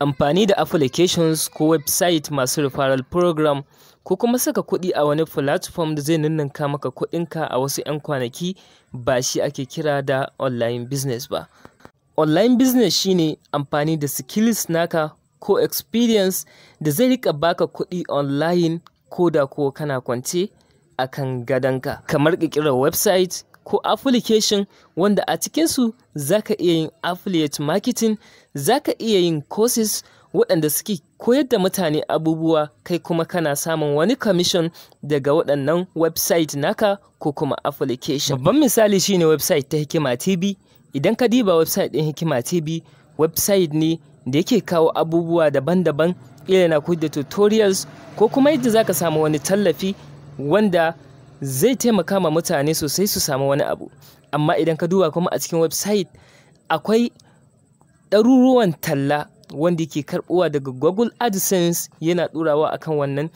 amfani da applications ko website masu referral program ko kuma saka kuɗi a wani platform da zai ninninka maka kuɗinka a wasu 'yan kwanaki ba shi ake kira da online business ba. Online business shine amfani da skills naka ko experience da zai rika baka kuɗi online ko da ko kana kwance a kan gadonka kamar kikirar website ko application wanda a cikinsu za ka iya yin affiliate marketing za ka iya yin courses waɗanda suke koyar da mutane abubuwa kai kuma kana samun wani commission daga waɗannan website naka ko kuma application babban misali shine website ta hikima tv idan ka diba website ɗin hikima tv website ne da yake kawo abubuwa daban-daban irin na da tutorials ko kuma yadda za ka samu wani tallafi wanda zai taimaka ma mutane sosai su samu wani abu amma idan ka duba kuma a cikin website akwai ɗaruruwan talla wanda ke karɓuwa daga google adsense yana ɗurawa akan wannan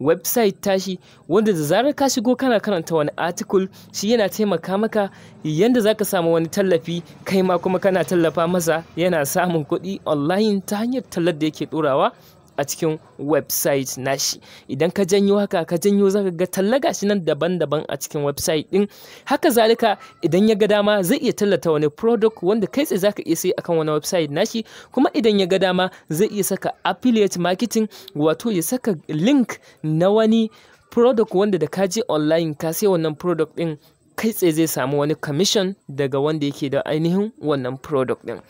website tashi wanda da zarar ka shigo kana karanta wani article shi yana taimaka maka yadda za ka samu wani tallafi kai ma kuma kana tallafa masa yana samun kuɗi online ta hanyar tallar da yake ɗurawa a cikin website nashi idan ka janyo haka ka janyo zaka ga talla gashi nan daban-daban a cikin website din haka zalika idan ya ga dama zai iya tallata wani product wanda kai tsaye zaka iya sai akan wani website nashi kuma idan ya ga dama zai iya saka affiliate marketing wato ya saka link na wani product wanda da ka je online ka sai wannan product din kai tsaye zai samu wani commission daga wanda yake da ainihin wannan product din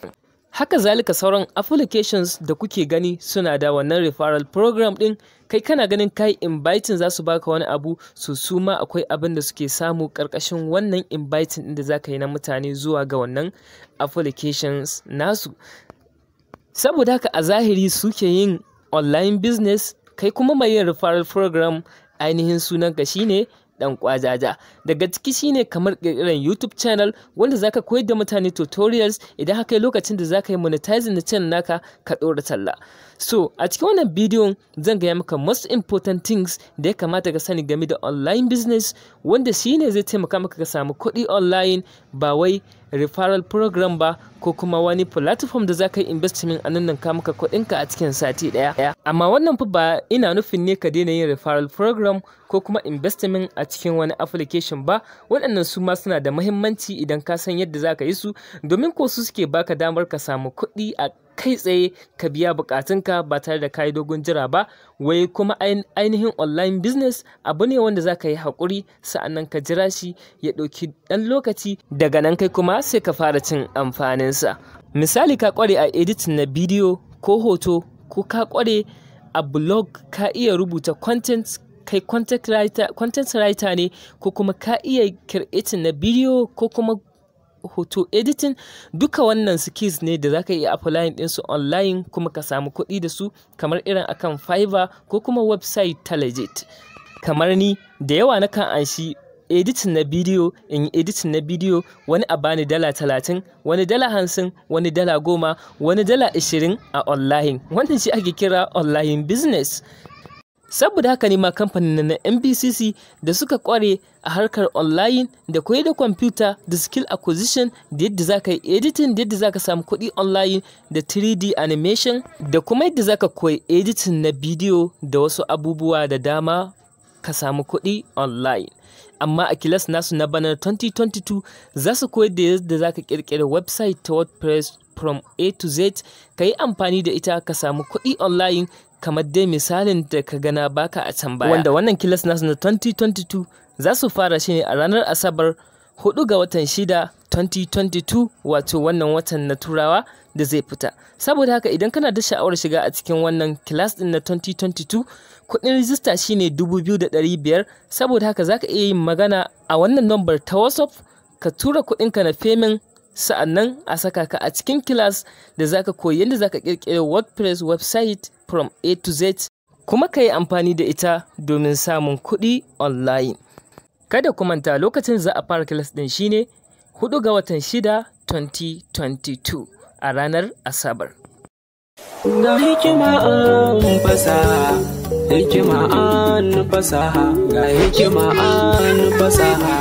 Haka zalika sauran applications da kuke gani suna da wannan referral program din kai kana ganin kai inviting za su baka wani abu su su ma akwai abin da suke samu karkashin wannan inviting ɗin da za ka yi na mutane zuwa ga wannan applications nasu. Saboda haka a zahiri suke yin online business kai kuma mai yin referral program ainihin sunanka shine ɗan kwazaza daga ciki shine kamar ƙirƙirar youtube channel wanda zaka koyar da mutane tutorials idan haka lokacin da zaka yi monetizing na channel naka ka ɗora talla so a cikin wannan bidiyon zan gaya maka most important things da ya kamata ka sani game da online business wanda shine zai taimaka maka ka samu kuɗi online ba wai referral program ba ko kuma wani platform da zaka ka yi investment a nan ka maka kuɗinka a cikin sati ɗaya. Amma wannan fa ba ina nufin ne ka daina yin referral program ko kuma investment a cikin wani application ba waɗannan su ma suna da muhimmanci idan ka san yadda za ka yi su domin ko su suke baka damar ka samu kuɗi a kai tsaye ka biya bukatunka ba tare da kayi dogon jira ba wai kuma ainihin online business abu ne wanda za ka yi haƙuri sa'annan ka jira shi ya ɗauki ɗan lokaci daga nan kai kuma sai ka fara cin amfaninsa misali ka ƙware a edit na bidiyo ko hoto ko ka ƙware a blog ka iya rubuta content kai content writer, content ne ko kuma ka iya creating na bidiyo ko kuma hoto editing duka wannan skills ne da zaka iya applying su online kuma ka samu kuɗi da su kamar irin akan Fiverr ko kuma website ta kamar ni da yawa na kan anshi editin na bidiyo in yi editin na bidiyo wani a bani dala talatin wani dala hamsin wani dala goma wani dala ashirin a online wannan shi ake kira online business saboda haka ne ma kamfanin na mbcc da suka kware a harkar online da koyi da kwamfuta da skill acquisition da yadda za ka yi editing da yadda za ka samu kuɗi online da 3d animation da kuma yadda za ka koyi editing na bidiyo da wasu abubuwa da dama ka samu kuɗi online amma a kilas nasu na banar 2022 za su koyar da yadda za ka ƙirƙira website ta wordpress from a to z ka yi amfani da ita ka samu kuɗi online kamar dai misalin da ka gana baka a can baya wanda wannan kilas nasu na 2022 za su fara shi ne a ranar asabar 4 ga watan 6 2022 wato wannan watan na turawa da zai fita saboda haka idan kana da sha'awar shiga a cikin wannan kilas din na 2022 kuɗin rijista ne 2,500 saboda haka za ka iya yin magana a wannan lambar ta whatsapp ka tura kuɗinka na femin sa'annan a saka ka a cikin kilas da za ka koyi yadda za ka ƙirƙiri wordpress website from A to Z kuma ka yi amfani da ita domin samun kuɗi online. Kada ku manta lokacin za a fara kilas ɗin shine huɗu ga watan shida 2022 a ranar Asabar. Ga hikima an fasaha, hikima an fasaha, ga hikima an fasaha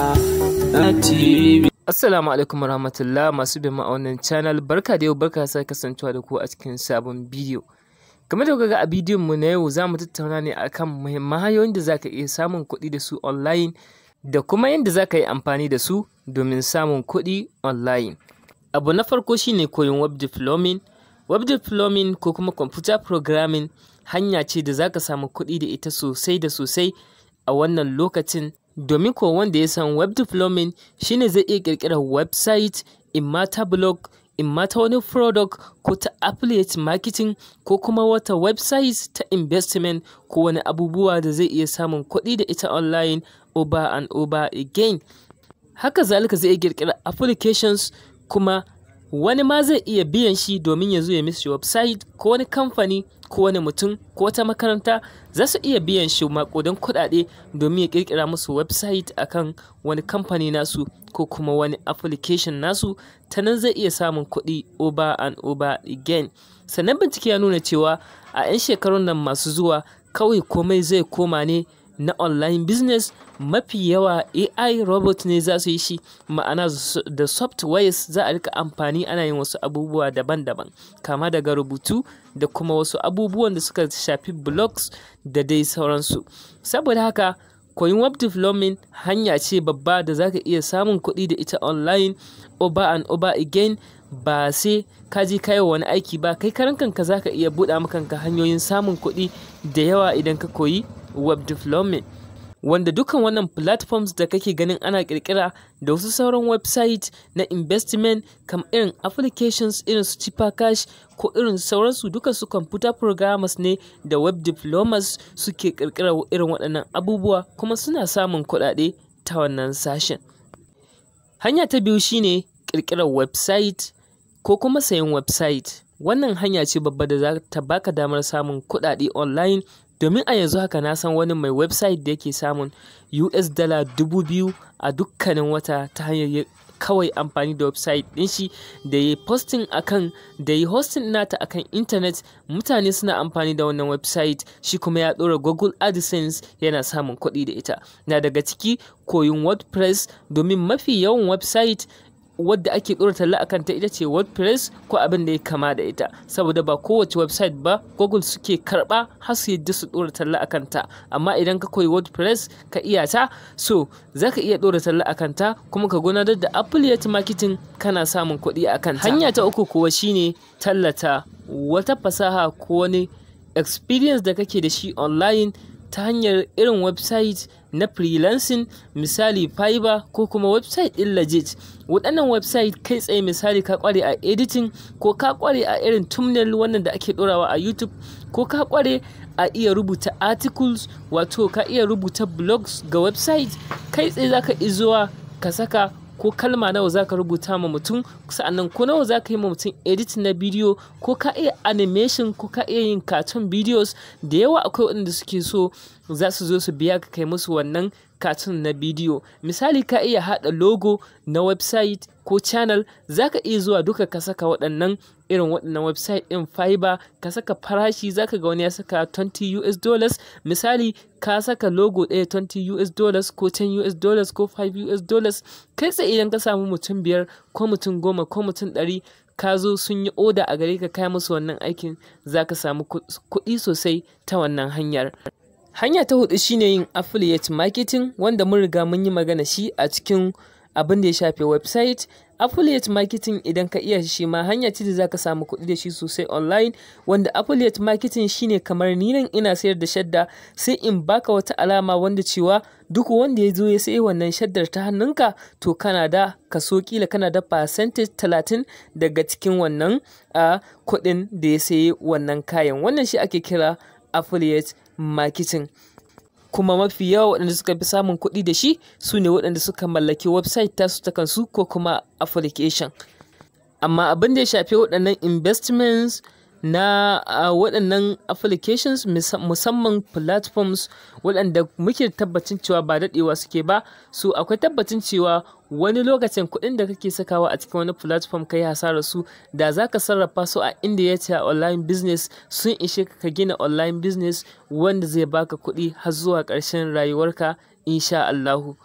na TV. Assalamu alaikum rahmatullah masu bin ma'aunin channel barka da yau barka sai kasancewa da ku a cikin sabon bidiyo. Kamar da ga a bidiyon mu na yau za mu tattauna ne akan muhimman hanyoyin da za ka iya samun kuɗi da su online da kuma yadda za ka yi amfani da su domin samun kuɗi online. Abu na farko shine koyon web diploming Web diploming ko kuma computer programming hanya ce da za ka samu kuɗi da ita sosai da sosai a wannan lokacin domin ko wanda ya san web development shine zai iya ƙirƙirar website, imma ta blog in mata wani product ko ta affiliate marketing ko kuma wata website ta investment ko wani abubuwa da zai iya samun kuɗi da ita online over and over again. Haka zalika zai iya ƙirƙirar applications kuma wani ma zai iya biyan shi domin ya zo ya mishi website ko wani kamfani ko wani mutum ko wata makaranta za su iya biyan shi makudan kuɗaɗe domin ya ƙirƙira musu website akan wani kamfani nasu ko kuma wani application nasu ta nan zai iya samun kuɗi over and over again sannan bincike ya nuna cewa a 'yan shekarun nan masu zuwa kawai komai zai koma ne na online business mafi yawa AI robot ne za su yi shi ma'ana da softwares za a rika amfani ana yin wasu abubuwa daban-daban kama daga rubutu da kuma wasu abubuwan da suka shafi blogs da dai sauransu saboda haka koyin web development hanya ce babba da za ka iya samun kuɗi da ita online over and over again ba sai ka je kayo wani aiki ba kai karan kanka za ka iya buɗa makanka hanyoyin samun kuɗi da yawa idan ka koyi web development wanda dukkan wannan platforms da kake ganin ana kirkira da wasu sauran website na investment kam irin applications irin su cheaper cash ko irin sauransu duka su computer programmers ne da web diplomas suke kirkira irin waɗannan abubuwa kuma suna samun kuɗaɗe ta wannan sashen hanya ta biyu shine kirkirar website ko kuma sayan website wannan hanya ce babba da za ta baka damar samun kuɗaɗe online domin a yanzu haka na san wani mai website da yake samun us dala dubu biyu a dukkanin wata ta hanyar kawai amfani da website din shi da ya posting akan da ya hosting nata akan intanet mutane suna amfani da wannan website shi kuma ya ɗora google adsense yana samun kuɗi da ita na daga ciki koyin wordpress domin mafi yawan website wadda ake ɗora talla a kanta ita ce wordpress ko abin da ya kama da ita saboda ba kowace website ba google suke karɓa har su yadda su ɗora talla a kanta amma idan ka koyi wordpress ka iya ta so za ka iya ɗora talla a kanta kuma ka gudanar da affiliate marketing kana samun kuɗi a kanta hanya ta uku kuwa shine tallata wata fasaha ko wani experience da kake da shi online ta hanyar irin website na freelancing misali fiber ko kuma website ɗin legit waɗannan website kai tsaye misali ka kware a editing ko ka kware a irin thumbnail wannan da ake ɗorawa a youtube ko ka kware a iya rubuta articles wato ka iya rubuta blogs ga website kai tsaye zaka izuwa ka saka ko kalma nawa za ka rubuta ma mutum sa'annan ko nawa za ka yi ma mutum edit na bidiyo ko ka iya animation ko ka iya yin cartoon videos da yawa akwai waɗanda suke so za su zo su biya ka kai musu wannan katun na bidiyo misali ka iya haɗa logo na website ko channel za ka iya zuwa duka ka saka waɗannan irin waɗannan website ɗin fiber ka saka farashi zaka ga wani ya saka 20 US dollars misali ka saka logo ɗaya 20 US dollars ko 10 US dollars ko 5 US dollars kai sai idan ka samu mutum biyar ko mutum goma ko mutum ɗari ka zo sun yi oda a gare ka kai musu wannan aikin zaka samu kuɗi sosai ta wannan hanyar hanya ta hudu shine yin affiliate marketing wanda mun riga mun yi magana shi a cikin abin da ya shafi website affiliate marketing idan ka iya shi ma hanya ce da zaka samu kuɗi da shi sosai online wanda affiliate marketing shine kamar ni nan ina sayar da shadda sai in baka wata alama wanda cewa duk wanda ya zo ya sai wannan shaddar ta hannunka to kana da kaso kila kana da percentage talatin daga cikin wannan a kuɗin da ya sayi wannan kayan wannan shi ake kira affiliate marketing kuma mafi yawa waɗanda suka fi samun kuɗi da shi su ne waɗanda suka mallaki website tasu ta kansu ko kuma application amma abin da ya shafi waɗannan investments na ah, waɗannan applications musamman platforms waɗanda muke tabbacin cewa ba daɗewa suke ba su akwai tabbacin cewa wani lokacin kuɗin da kake sakawa a cikin wani platform kai hasarar su da za ka sarrafa su a inda ya ce online business sun ishe ka gina online business wanda zai baka kuɗi har zuwa ƙarshen rayuwarka insha Allahu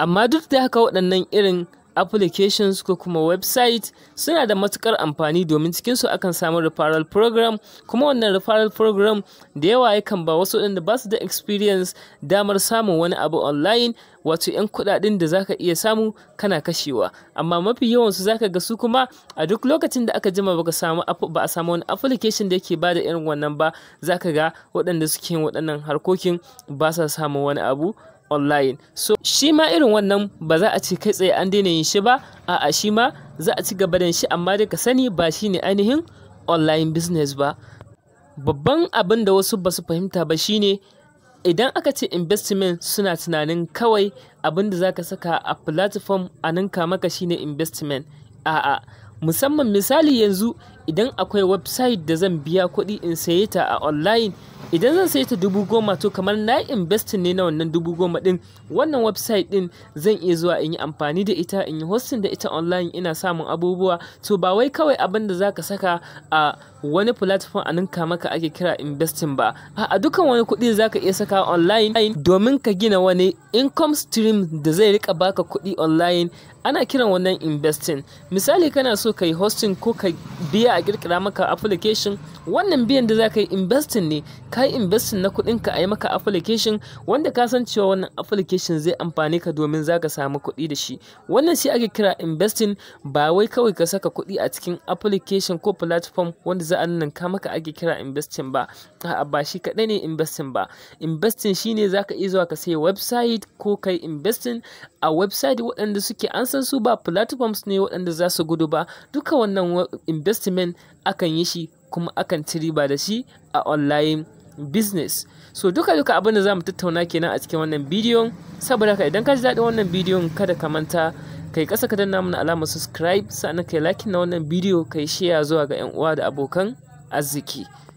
amma duk da haka waɗannan irin applications ko kuma website suna da matukar amfani domin cikin su akan samu referral program kuma wannan referral program da yawa yakan ba wasu waɗanda ba su da experience damar samun wani abu online wato 'yan kuɗaɗen da zaka iya samu kana kashewa amma mafi yawansu zaka ga su kuma a duk lokacin da aka jima baka samu ba a samu wani application da yake bada irin wannan ba zaka ga waɗanda suke yin waɗannan harkokin ba sa samun wani abu online so shi ma irin wannan ba za a ce kai tsaye an daina yin shi ba a'a shi ma za a ci gaba da shi amma dai ka sani ba shi ne ainihin online business ba babban abin da wasu ba su fahimta ba shi ne idan aka ce investment suna tunanin kawai abin da za ka saka a platform a ninka maka ne investment a'a musamman misali yanzu idan akwai website da zan biya kuɗi in saye ta a online idan zan saye ta dubu goma to kamar na investin ne na wannan dubu goma din wannan website din zan iya zuwa in yi amfani da ita in yi hosting da ita online ina samun abubuwa to ba wai kawai abin da zaka saka a wani platform a ninka maka ake kira investing ba a dukan wani kuɗi zaka iya saka online domin ka gina wani income stream da zai rika baka kuɗi online ana kiran wannan investing misali kana so ka yi hosting ko ka biya a kirkira maka application wannan biyan da za ka yi investing ne ka yi investing na kuɗin ka a yi maka application wanda ka san cewa wannan application zai amfani ka domin za ka samu kuɗi da shi wannan shi ake kira investing ba wai kawai ka saka kuɗi a cikin application ko platform wanda za a nan ka maka ake kira investing ba a'a ba shi kaɗai ne investing ba investing shine za ka iya zuwa ka sai website ko kai investing a website waɗanda suke an san su ba platforms ne waɗanda za su gudu ba duka wannan investment investment akan yi shi kuma akan ci riba da shi a online business so duka duka abin da za mu tattauna kenan a cikin wannan bidiyon saboda ka. idan ka ji daɗin wannan bidiyon kada ka manta kai ƙasa ka danna mana alamar subscribe sannan kai like na wannan bidiyo kai share zuwa ga 'yan uwa da abokan arziki